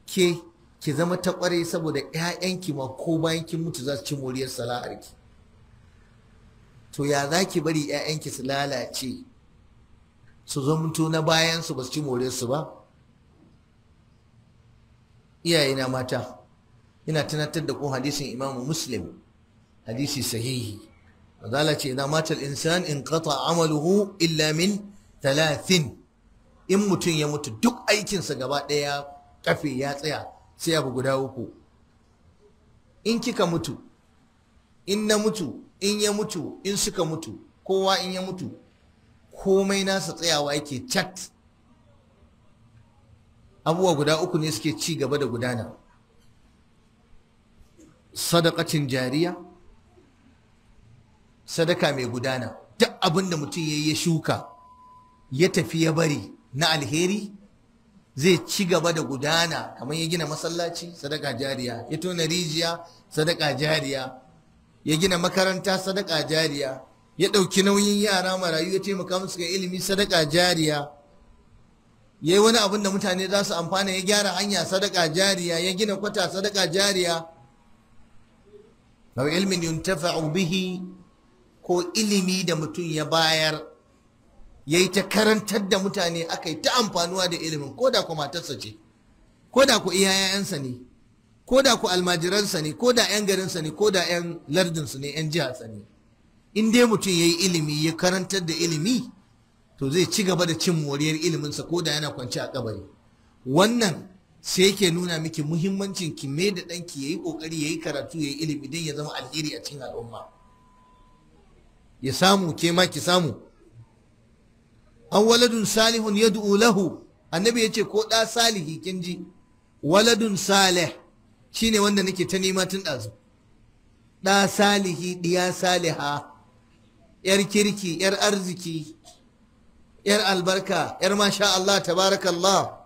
ke ki zama ta kware saboda 'ya'yanki ma ko bayan kin mutu za su ci moriyar ki to ya za ki bari 'ya'yanki su lalace su zamto na bayan su ba su ci moriyar su ba Iyaye na mata ina tunatar da ku hadisin Imam muslim hadisi sahihi mazala ce idan matal insan in qata amaluhu illa min talatin in mutum ya mutu duk aikinsa gaba ɗaya kafe ya tsaya sai abu guda uku in kika mutu in na mutu in ya mutu in suka mutu kowa in ya mutu komai nasa tsayawa yake cat abubuwa guda uku ne suke ci gaba da gudana sadakacin jariya sadaka mai gudana duk abin da mutum ya yi shuka ya tafi ya bari na alheri zai ci gaba da gudana kamar ya gina masallaci sadaka jariya ya tona rijiya sadaka jariya ya gina makaranta sadaka jariya ya ɗauki nauyin yara marayu ya taimaka musu ga ilimi sadaka jariya ya yi wani abin da mutane za su amfana ya gyara hanya sadaka jariya ya gina kwata sadaka jariya au ilmin yuntafa'u bihi ko ilimi da mutum ya bayar ya yi ta karantar da mutane aka yi ta amfanuwa da ilimin ko da ku matarsa ce ko da ku iya 'ya'yansa ne ko da ku almajiransa ne ko da 'yan garinsa ne ko da 'yan lardinsu ne 'yan jiharsa ne in dai mutum ya yi ilimi ya karantar da ilimi to zai ci gaba da cin moriyar iliminsa ko da yana kwance a kabari wannan sai yake nuna miki muhimmancin ki mai da ɗanki ya yi ƙoƙari ya yi karatu ya yi ilimi don ya zama alheri a cikin al'umma ya samu ke ma ki samu an waladun salihun ya lahu annabi ya ce ko da salihi kin ji waladun salih shine wanda nake ta nema tun ɗazu ɗa salihi ɗiya saliha yar kirki yar arziki yar albarka yar masha Allah tabarakallah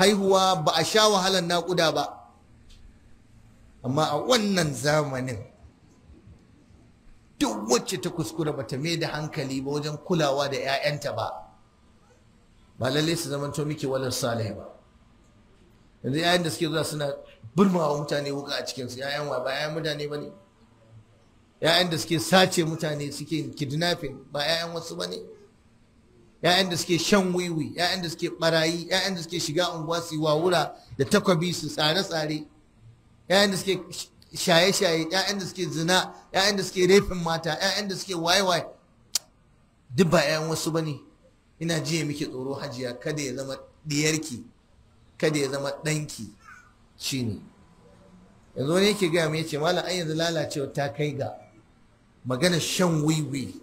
haihuwa ba a sha wahalar naƙuda ba amma a wannan zamanin duk wacce ta kuskura bata mai da hankali ba wajen kulawa da 'ya'yanta ba ba lalle su zama to miki walar salih ba yanzu 'ya'yan da suke zuwa suna burmawa mutane wuka a cikinsu 'ya'yan wa ba 'ya'yan mutane ba ne 'ya'yan da suke sace mutane suke kidnapping ba 'ya'yan wasu ba ne ‘ya'yan da suke shan wiwi, ‘ya'yan da suke barayi, ‘ya'yan da suke shiga unguwa su yi wawura da takwabi su tsare-tsare, ‘ya'yan da suke shaye-shaye ‘ya’yan da suke zina ‘ya’yan da suke rafin mata ‘ya’yan da suke waiwai, duk ba 'ya'yan wasu ba ne, ina jiya miki tsoro hajiya kada ya zama diyarki kada ya zama ɗanki ne. yanzu wani yake gaya mai ce malam an yanzu lalacewa ta kai ga magana shan wiwi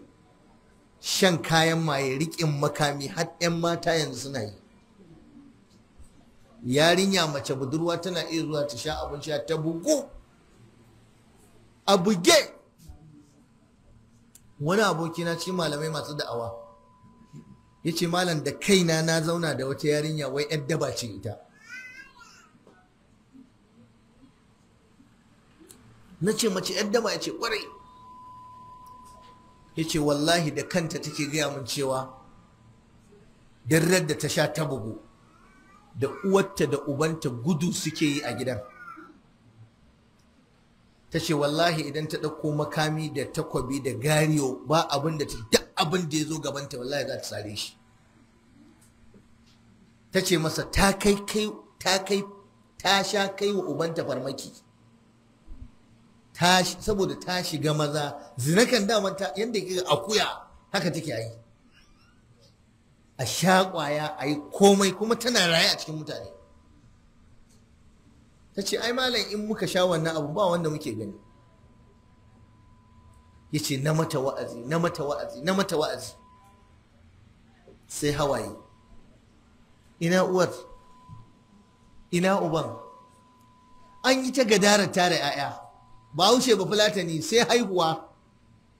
shan kayan maye riƙin makami har 'yan mata yanzu suna yi yarinya mace budurwa tana iya zuwa ta sha abin sha ta bugu a buge wani aboki na ci malamai masu da'awa ya ce malam da kaina na zauna da wata yarinya wai 'yan daba ce ita na ce mace 'yan daba ya ce kwarai ya ce wallahi da kanta take gaya min cewa don da ta sha ta bugu da uwarta da ubanta gudu suke yi a gidan ta ce wallahi idan ta ɗauko makami da takwabi da gariyo ba abin da ta duk abin da ya zo gabanta wallahi za ta sare shi ta ce masa ta kai ta sha kai wa ubanta farmaki saboda ta shiga maza zinakan daman ta yadda ke akuya haka take yi a sha kwaya a yi komai kuma tana raye a cikin mutane ta ce ai malam in muka sha wannan abu ba wanda muke gani ya ce na mata wa'azi na mata wa'azi na mata wa'azi sai hawaye ina uwar ina uban an yi ta gadarar tara 'ya'ya ba haushe ba fulatani sai haihuwa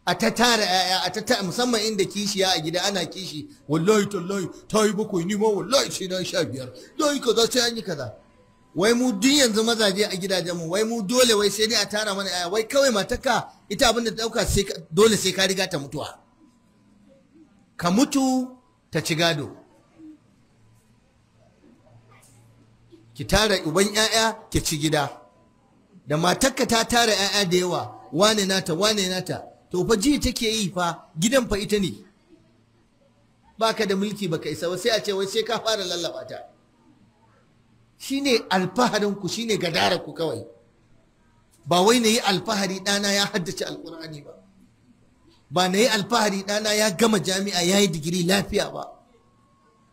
a ta tara 'ya'ya a ta musamman inda kishiya a gida ana kishi wallahi tallahi ta yi bakwai ni ma wallahi sai na sha biyar don yi kaza sai an yi kaza wai mu duk yanzu mazaje a gidajenmu. wai mu dole wai sai dai a tara mana yaya wai kawai mataka ita abin da ta dole sai ka riga ta mutuwa ka mutu ta ci gado ki tara uban yaya ki ci gida da matakka ta tara yaya da yawa wane nata wane nata to fa ji take yi fa gidan fa ita ne baka da mulki baka isa ba sai a ce wai sai ka fara lallaba ta shine alfaharinku shine ku kawai ba wai na yi alfahari ɗana ya haddace alkur'ani ba ba na yi alfahari ɗana ya gama jami'a ya yi digiri lafiya ba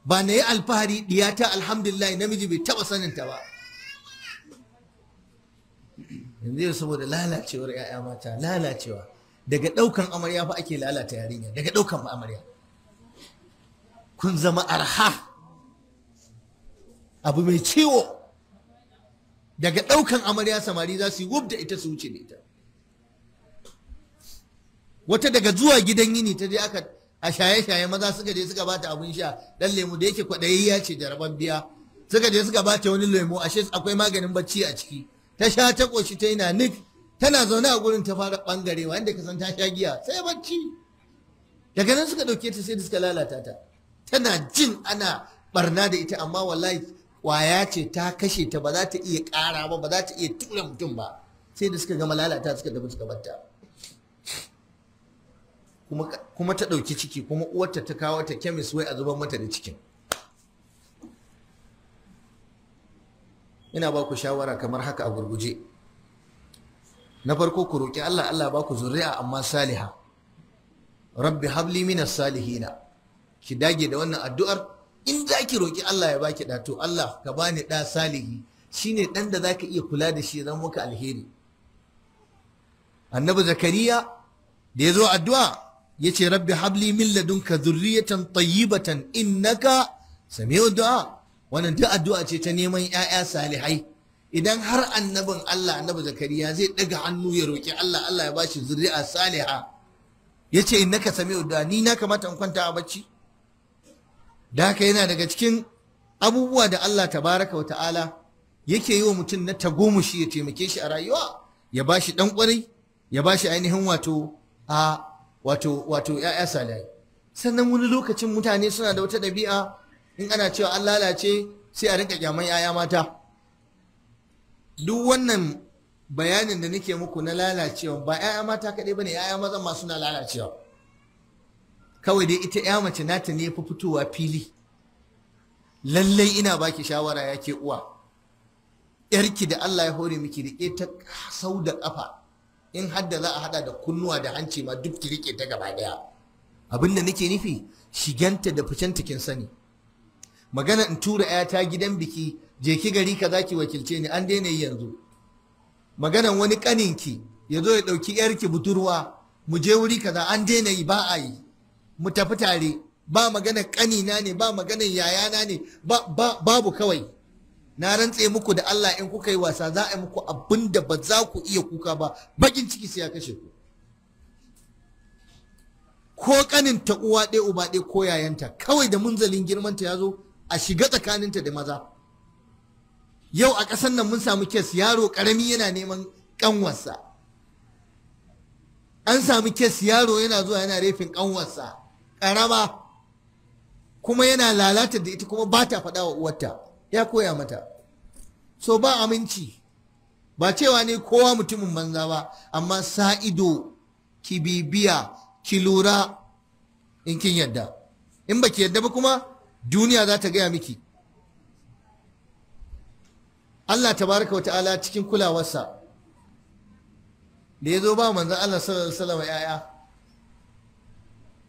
ba na yi alfahari ɗiyata alhamdulillah namiji bai taɓa saninta ba yanzu yau saboda lalacewar 'ya'ya mata lalacewa daga ɗaukan amarya fa ake lalata yarinya daga daukan amarya kun zama arha abu mai ciwo daga ɗaukan amarya samari za su yi wub da ita su wuce da ita wata daga zuwa gidan yini ta je aka a shaye-shaye maza suka je suka bata abin sha dan lemu da yake ya ce jaraban biya suka je suka bata wani lemu ashe akwai maganin bacci a ciki ta sha ta ƙoshi ta yana nik tana zaune a gurin ta fara ɓangarewa inda ka san ta sha giya sai bacci daga nan suka ɗauke ta sai da suka lalata ta tana jin ana barna da ita amma wallahi ƙwaya ce ta kashe ta ba za ta iya ƙara ba ba za ta iya tura mutum ba sai da suka gama lalata suka tafi suka batta kuma ta ɗauki ciki kuma uwarta ta kawo ta kemis wai a zuban mata da cikin ina ba ku shawara kamar haka a gurguje na farko ku roƙi Allah Allah ba ku zuri'a amma saliha rabbi habli minas salihina ki dage da wannan addu'ar in za ki roƙi Allah ya baki ɗa to Allah ka bani ɗa salihi shine ɗan da za ka iya kula da shi zan muka alheri annabi zakariya da ya zo addu'a ya ce rabbi habli min ladunka zurriyatan tayyibatan innaka sami'u du'a wannan duk addu'a ce ta neman 'ya'ya salihai idan har annabin Allah annabi zakariya zai ɗaga hannu ya roƙi Allah Allah ya bashi zuri'a saliha ya ce innaka sami'u du'a ni na kamata in kwanta a bacci da haka yana daga cikin abubuwa da Allah tabaraka wa ta'ala yake yi wa mutum na tagomashi ya taimake shi a rayuwa ya ba shi kwarai ya ba shi ainihin wato a wato ya'ya salai sannan wani lokacin mutane suna da wata ɗabi'a in ana cewa an lalace sai a rinka kyaman ya'ya mata duk wannan bayanin da nake muku na lalacewa ba ya'ya mata kaɗai ba ne, ya'ya maza ma suna lalacewa kawai dai ita ya mace nata ne fi fitowa fili lallai ina baki shawara ya ke uwa yarki da Allah ya hore miki rike ta sau da kafa in hadda za a hada da kunnuwa da hanci ma duk ki rike ta gaba daya abinda nake nufi shiganta da ficenta kin sani magana in tura ta gidan biki je ki gari kaza ki wakilce ni an daina yi yanzu maganan wani kaninki ya zo ya dauki yarki budurwa mu je wuri kaza an daina yi ba a yi mu tafi tare ba magana kanina ne ba magana yayana ne babu kawai na rantse muku da Allah in kuka yi wasa za a yi muku abin da ba za ku iya kuka ba bakin ciki sai ya kashe ku ko kanin ta uwa ɗaya uba ɗaya ko yayanta kawai da munzalin girmanta ya zo a shiga tsakaninta da maza yau a ƙasar nan mun samu kes yaro ƙarami yana neman ƙanwarsa an samu kes yaro yana zuwa yana refin ƙanwarsa ƙarama kuma yana lalata da ita kuma ba ta faɗa wa uwarta ya koya mata so ba aminci ba cewa ne kowa mutumin banza ba amma sa ki bibiya ki lura in kin yadda in ba ki yadda ba kuma duniya za ta gaya miki Allah tabaraka wa ta'ala cikin kulawarsa da ya zo ba manzan Allah sallallahu alaihi wasallam ya'ya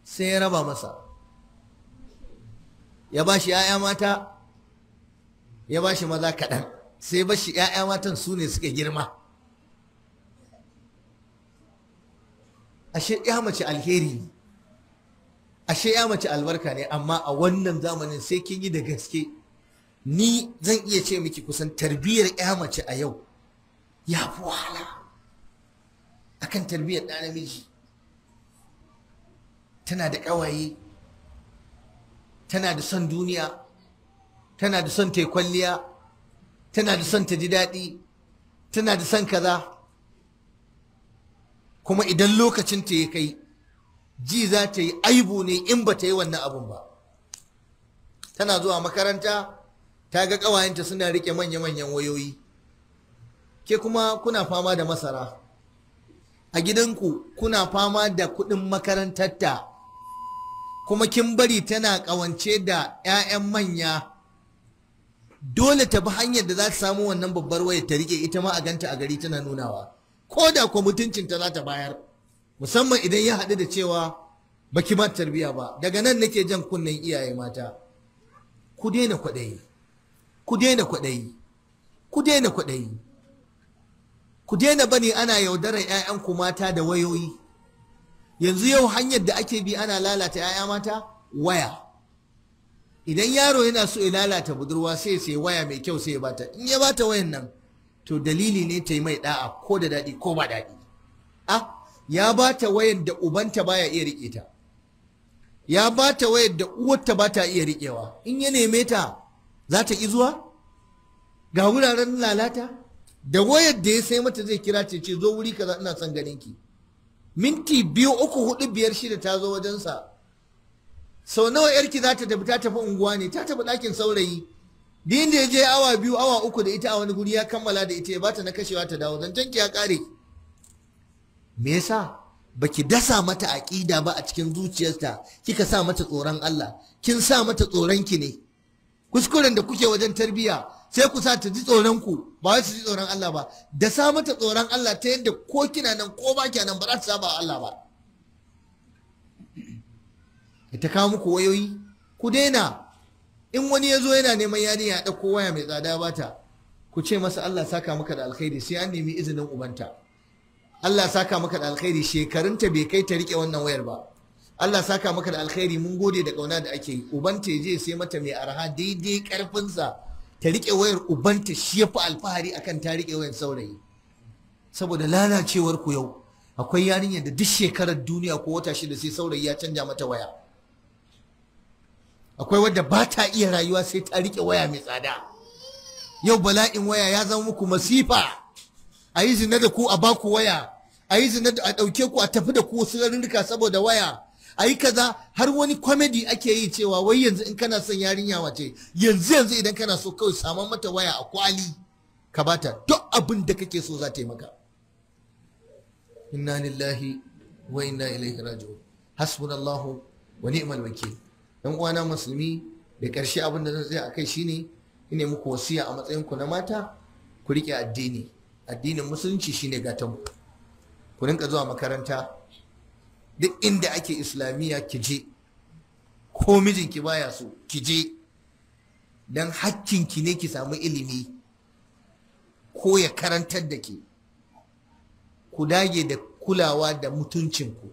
sai ya raba masa ya ba shi 'ya'ya mata ya ba shi maza kaɗan sai ba shi 'ya'ya matan su ne suka girma ashe ya mace alheri ne ashe ya mace albarka ne amma a wannan zamanin sai kin yi da gaske ni zan iya ce miki kusan tarbiyyar ya mace a yau ya fi wahala akan tarbiyyar ɗa namiji tana da ƙawaye tana da son duniya tana da son kwalliya tana da son ta ji daɗi tana da son kaza kuma idan lokacinta ya kai ji za ta yi aibu ne in ba ta yi wannan abun ba tana zuwa makaranta ta ga ƙawayenta suna riƙe manya-manyan wayoyi ke kuma kuna fama da masara a gidanku kuna fama da kuɗin makarantarta kuma kin bari tana kawance da 'ya'yan manya dole ta bi hanyar da za ta samu wannan babbar waya ta rike ita ma a ganta a gari tana nunawa ko da kuwa mutuncin ta za ta bayar musamman idan ya haɗu da cewa baki ma tarbiya ba daga nan nake jan kunnen iyaye mata ku daina kwaɗayi ku daina kwaɗayi ku daina kwaɗayi ku daina bani ana yaudarar 'ya'yanku mata da wayoyi yanzu yau hanyar da ake bi ana lalata 'ya'ya mata waya idan yaro yana so ya lalata budurwa sai sai waya mai kyau sai ya bata in ya bata wayan nan to dalili ne ta yi mai da'a ko da daɗi ko ba daɗi A ah, ya bata wayan da ubanta baya iya riƙe ta ya bata wayan da uwarta bata iya riƙewa in ya neme ta za ta ki zuwa ga wuraren lalata da wayar da ya sai mata zai kira ce ce zo wuri kaza ina son ganin ki minti biyu uku hudu biyar shida ta zo wajensa sau nawa yarki za ta tafi ta tafi unguwa ne ta tafi ɗakin saurayi din da ya je awa biyu awa uku da ita a wani guri ya kammala da ita ya bata na kashewa ta dawo zancen ki ya kare me yasa baki dasa mata aƙida ba a cikin zuciyarta kika sa mata tsoron Allah kin sa mata tsoron ki ne kuskuren da kuke wajen tarbiyya sai ku sa ta ji tsoron ku ba wai su ji tsoron Allah ba da sa mata tsoron Allah ta yadda ko kina nan ko ba kina nan ba za ta saba Allah ba ta kawo muku wayoyi ku daina in wani ya zo yana neman yarin ya ɗauko waya mai tsada ba ta ku ce masa Allah saka maka da alkhairi sai an nemi izinin ubanta Allah saka maka da alkhairi shekarunta bai kai ta rike wannan wayar ba Allah saka maka da alkhairi mun gode da kauna da ake yi ubanta ya je sai mata mai arha daidai karfinsa ta riƙe wayar ubanta shi ya fi alfahari akan ta riƙe wayar saurayi saboda lalacewar ku yau akwai yarinyar da duk shekarar duniya ko wata shida sai saurayi ya canja mata waya akwai wadda ba ta iya rayuwa sai ta riƙe waya mai tsada yau bala'in waya ya zama muku masifa a yi zina da ku a baku waya a yi zina a ɗauke ku a tafi da ku wasu rarrika saboda waya a yi kaza har wani kwamedi ake yi cewa wai yanzu in kana son yarinya wace yanzu yanzu idan kana so kawai saman mata waya a kwali ka bata duk abin da kake so za ta yi maka inna lillahi wa inna ilaihi raji'un hasbunallahu wa ni'mal wakil dan uwana musulmi da karshe abin da zan tsaya kai shine ina muku wasiya a matsayin ku na mata ku rike addini addinin musulunci shine gatan ku rinka zuwa makaranta duk inda ake islamiyya ki je ko mijinki baya so ki je don hakkinki ne ki samu ilimi ko ya karantar da ke ku dage da kulawa da mutuncinku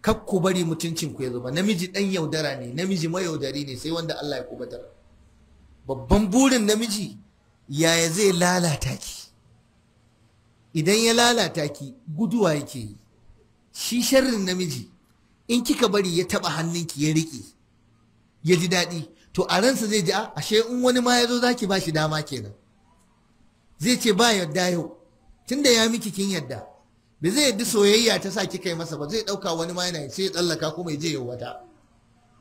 kak ku bari mutuncinku ya zuba namiji dan yaudara ne namiji mayaudari ne sai wanda Allah ya kubatar babban burin namiji yaya zai lalata ki idan ya lalata ki guduwa yake yi shi sharrin namiji in kika bari ya taba hannunki ya riƙe ya ji daɗi to a ransa zai ji a ah, ashe in wani ma ya zo zaki ba shi dama kenan zai ce ba yadda yau tunda ya miki kin yadda ba zai yadda soyayya ta sa kika yi masa ba zai ɗauka wani ma yana sai ya tsallaka kuma ya je ya wata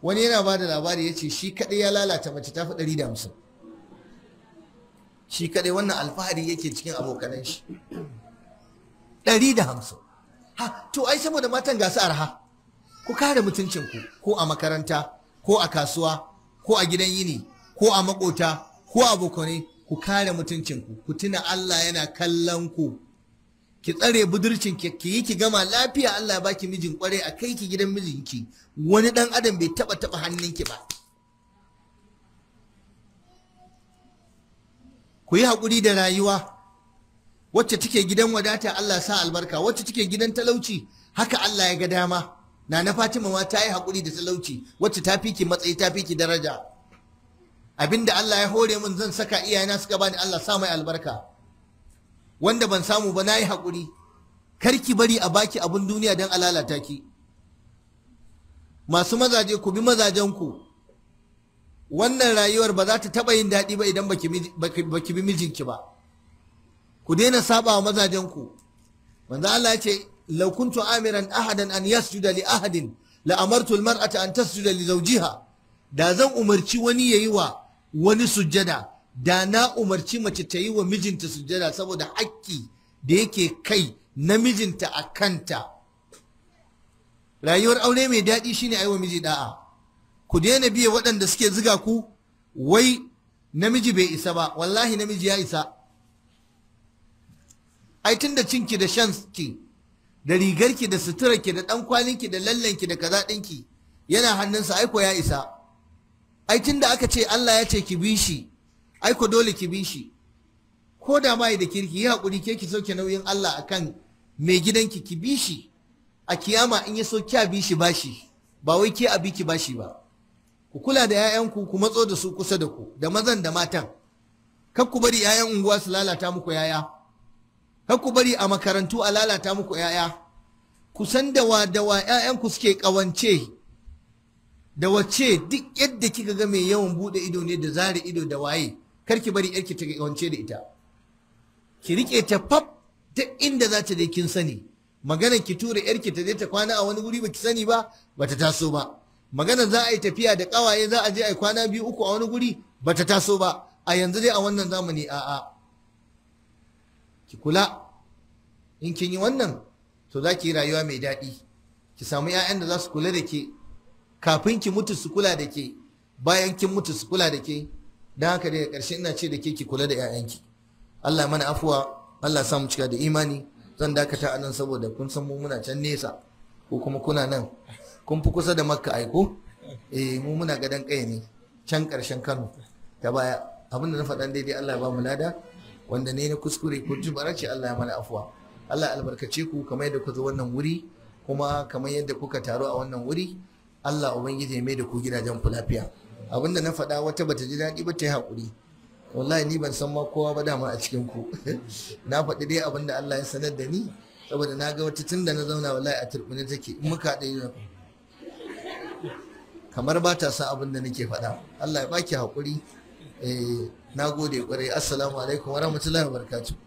wani yana ba da labari ya ce shi kaɗai ya lalata mace ta fi ɗari da hamsin shi kaɗai wannan alfahari yake cikin abokanan shi ɗari da hamsin ha to ai saboda matan gasu arha ku kare mutuncin ku ko a makaranta ko a kasuwa ko a gidan yini ko a makota ko a bokone ku kare mutuncin ku ku tuna Allah yana kallon ku ki tsare budurcin ki yi ki gama lafiya Allah ya baki mijin kwarai a kai ki gidan mijinki wani dan adam bai taba taba hannunki ba ku yi hakuri da rayuwa wacce take gidan wadata Allah sa albarka wacce take gidan talauci haka Allah ya ga dama na na Fatima ma ta yi hakuri da talauci wacce ta fi ki matsayi ta fi ki daraja abinda Allah ya hore mun zan saka iyayena suka bani Allah sa mai albarka wanda ban samu ba na yi haƙuri kar bari a baki abun duniya dan alalata ki masu mazaje ku bi mazajen ku. wannan rayuwar ba za ta taɓa yin daɗi ba idan baki bi mijinki ba ku daina saba wa mazajen ku manzo Allah ya ce law kuntu amiran ahadan an yasjuda li ahadin la amartu al mar'ata an tasjuda li zawjiha da zan umarci wani yayi wa wani sujjada da na umarci mace ta yi wa mijinta sujjada saboda haƙƙi da yake kai na mijinta a kanta rayuwar aure mai daɗi shine a wa miji da'a ku daina biye waɗanda suke ziga ku wai namiji bai isa ba wallahi namiji ya isa ai tun da cinki da shan ki, da rigarki da suturarki da ɗan kwalinki da ki, da kaza ki, yana hannunsa aiko ya isa ai tun da aka ce Allah ya ce ki bi shi aiko dole ki bi shi ko da ma da kirki yi haƙuri ke ki soke nauyin Allah akan mai gidanki ki bi shi a kiyama in ya so kya bi shi bashi ba wai ke a bi ki bashi ba ku kula da 'ya'yanku ku matso da su kusa da ku da mazan da matan kar ku bari 'ya'yan unguwa su lalata muku yaya kar ku bari a makarantu a lalata muku 'ya'ya ku san da wa da wa 'ya'yanku suke kawance da wace duk yadda kika ga mai yawan buɗe ido ne da zare ido da waye kar ki bari yarki ta ƙawance da ita ki rike ta fab ta inda za ta dai kin sani magana ki tura yarki ta je ta kwana a wani guri baki sani ba bata taso ba magana za a yi tafiya da kawaye za a je a kwana biyu uku a wani guri bata taso ba a yanzu dai a wannan zamani a'a ki kula in kin yi wannan to za ki yi rayuwa mai daɗi ki samu 'ya'yan da za su kula da ke kafin ki mutu su kula da ke bayan kin mutu su kula da ke don haka daga ƙarshe ina ce da ke ki kula da 'ya'yanki Allah mana afuwa Allah samu cika da imani zan dakata a nan saboda kun san mu muna can nesa ko kuma kuna nan kun fi kusa da makka aiko E, eh, mu muna gadon kai ne can ƙarshen kano ta baya abinda na faɗan daidai Allah ya ba mu lada wanda ne na kuskure ko jubara ce Allah ya mana afuwa Allah albarkace ku kamar yadda ku zo wannan wuri kuma kamar yadda kuka taru a wannan wuri Allah ubangiji ya mai da ku gidajen ku lafiya abinda na faɗa wata bata ji daɗi ba ta yi haƙuri wallahi ni ban san ma kowa ba dama a cikin ku *laughs* na faɗi dai abinda Allah ya sanar da ni saboda na ga wata tun da na zauna wallahi a turbine take in muka haɗe kamar ba ta san abin da nake faɗa Allah ya baki haƙuri eh na gode kwarai assalamu alaikum wa rahmatullahi wa barakatuh